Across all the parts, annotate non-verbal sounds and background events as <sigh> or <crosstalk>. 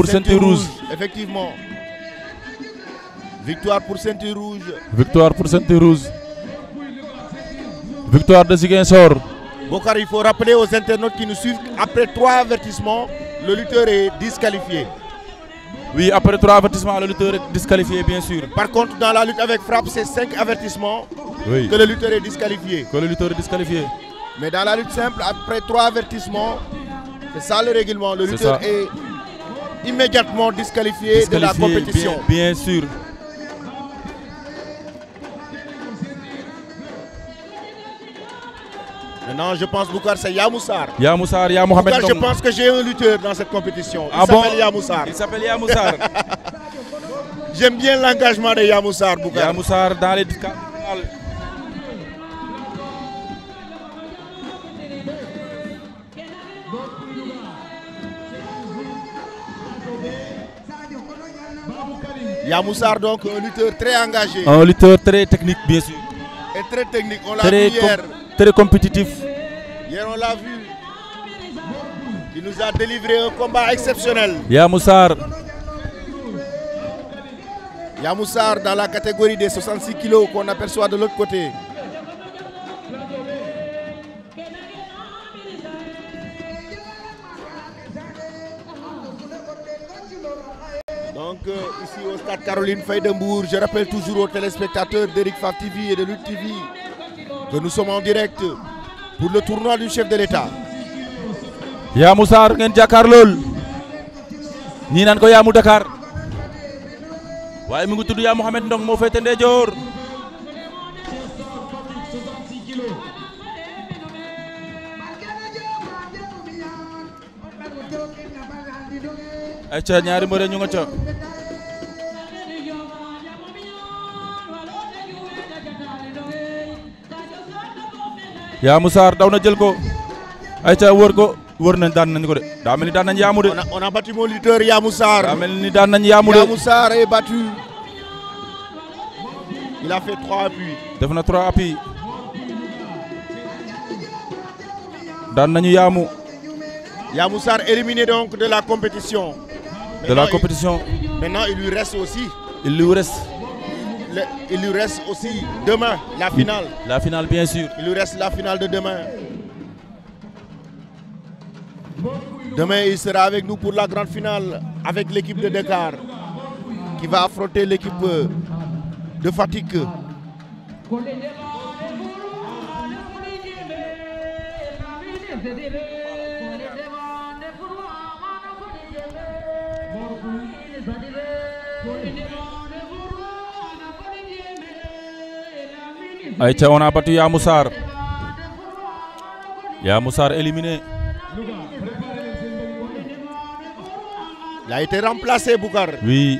pour ceinture rouge. victoire pour ceinture rouge. victoire pour ceinture rouge. victoire de Ziguinchor. Bokar, il faut rappeler aux internautes qui nous suivent après trois avertissements, le lutteur est disqualifié. Oui, après trois avertissements, le lutteur est disqualifié, Par contre, dans la lutte avec frappe, c'est cinq Mais dans la lutte simple, après trois avertissements, c'est ça le règlement, le lutteur est immédiatement disqualifié, disqualifié de la compétition. Bien, bien sûr. Maintenant, je pense Boucar, c'est Yamoussar. Yamoussar, Yamohamed. Boucar, je pense que j'ai un lutteur dans cette compétition. Il ah s'appelle bon Yamoussar. <laughs> J'aime bien l'engagement de Yamoussar, Boucar. Yamoussar dans les Yamou Sarr donc un lutteur très engagé. Un lutteur technique bien sûr. Et technique, on l'a vu hier. a délivré un combat exceptionnel. Yamou Sarr. Yamou Sarr dans la catégorie des 66 kilos qu'on de l'autre côté. donc euh, ici au stade Caroline Faye de Mbour je rappelle toujours aux téléspectateurs d'Eric Faf TV et de Lutte TV que nous sommes en direct pour le tournoi du chef de l'État Yamou Sarr ngeen jàkkaar lool Dakar waaye mi ngi tudd Yaa Mouhamed Ndong moo féete ndeyjoor ay ca ñaari mbër ñu nga ca Yamou Sarr daw na jël ko ay ca wër ko wër nañ daan nañu ko de daa mel ni daan nañ Yamou de on a battu mon leader Yamou Sarr daa ni daan nañ yaamu de Yamou Sarr est battu il def na trois appuis daan nañu yaamu Yamou Sarr éliminé donc de la compétition de la compétition. Maintenant, il lui reste aussi. Il demain, la finale. La finale, bien sûr. Il lui reste la finale de demain. Demain, il sera avec nous pour la grande finale avec l'équipe de Dakar qui va affronter l'équipe euh, de Fatigue. ayca on a battu Yamou Sarr Yamou Sarr éliminé. Il a été remplacé, Bougar. Oui.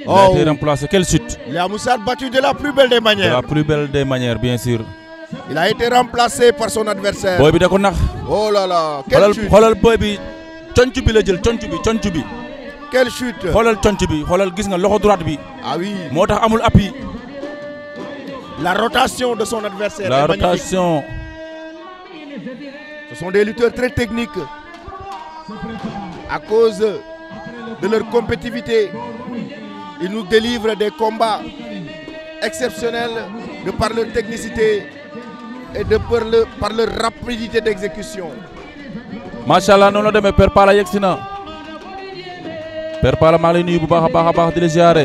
Il oh. a été oh. remplacé. Quelle chute Yamou Sarr battu la plus belle des la plus belle par son adversaire. Boy bi da ko nax. Oh bi conc la jël conc bi bi. quelle chute xoolal conc bi xoolal gis nga loxo droite bi. ah moo tax amul appi la rotation de son adversaire la rotation. ce sont des lutteurs très techniques. à cause de leur compétitivité ils nous délivrent des combats exceptionnels de par leur technicité et de par leur par leur rapidité d'exécution. macha allah noonu la demee Père Pala si na Père Palla maa ngi lay nuyu bu baax a a baax di la ziare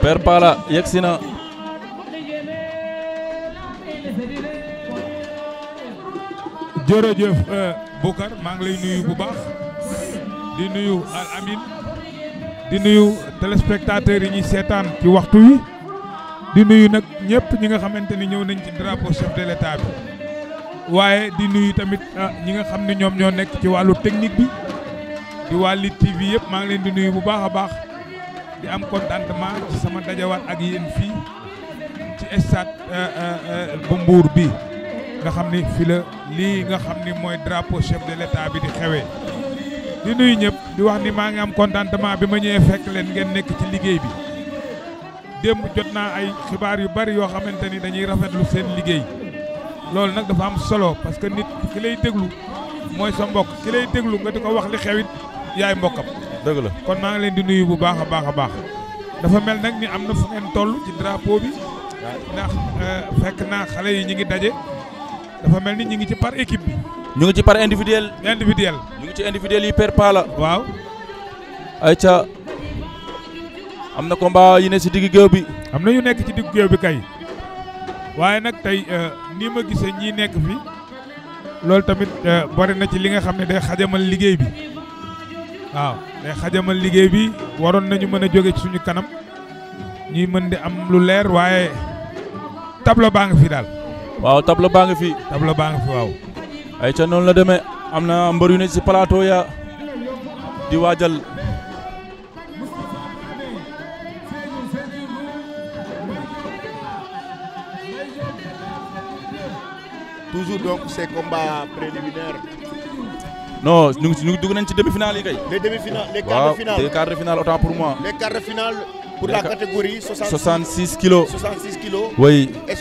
Père yegsi na jërëjëf euh, Boucar maa lay nuyu bu baax di nuyu Al Amin di nuyu téléspectateurs yi ñuy seetaan ci waxtu wi di nuyu nag ñëpp ñi nga xamante ni ñëw nañ ci drapeau chef de l'état bi waaye di nuyu tamit ah, ñi nga xam ni ñoom ñoo nekk ci wàllu technique bi di waa TV yëpp maa ngi leen di nuyu bu baax a baax di am contentement ci sama dajawaat ak yéen fii ci stade euh, euh, euh, bu Mbour bi nga xam ni fi lii nga xam ni mooy drapeau chef de l'état bi di xewee. di nuyu ñëpp di wax ni maa ngi am contentement bi ma ñëwee fekk leen ngeen nekk ci liggéey bi démb jot naa ay xibaar yu bari yoo xamante ni dañuy rafetlu seen liggéey loolu nag dafa am solo parce que nit ki lay déglu mooy sa mbokk ki lay déglu nga di ko wax li it yaay mbokkam. dëgg kon maa ngi leen di nuyu bu baax a baax a baax dafa mel nag ni am na fu ngeen tollu ci drapeau bi. ndax euh, fekk naa xale yi ñu ngi daje dafa mel ni ñu ngi ci par équipe bi. ñu ngi ci par individuel. individuel. ci individuel yi per pa la waaw ayca am na ko combat yi ne si digg géew bi am na yu nekk ci digg géew bi kay waaye nag tey euh, nii ma gisee ñii nekk fi loolu tamit euh, bari na ci li nga xam ne day xajamal liggéey bi waaw day xajamal liggéey bi waroon nañu mën a jóge ci suñu kanam ñuy mën di am lu leer waaye tableau baa ngi fi daal waaw tableau baa ngi fi tableau baa ngi fi waaw ay ca noonu la demee am na mbër yu ne ci plateau ya di waajal toujours donc ces combats préliminaires. non ñu ngi ñu dugg nañ ci demi-finale kay. les demi-finales les quarts de finale waaw pour moi. les quarts de finale pour la catégorie. 66 kilos 66 kilos. oui.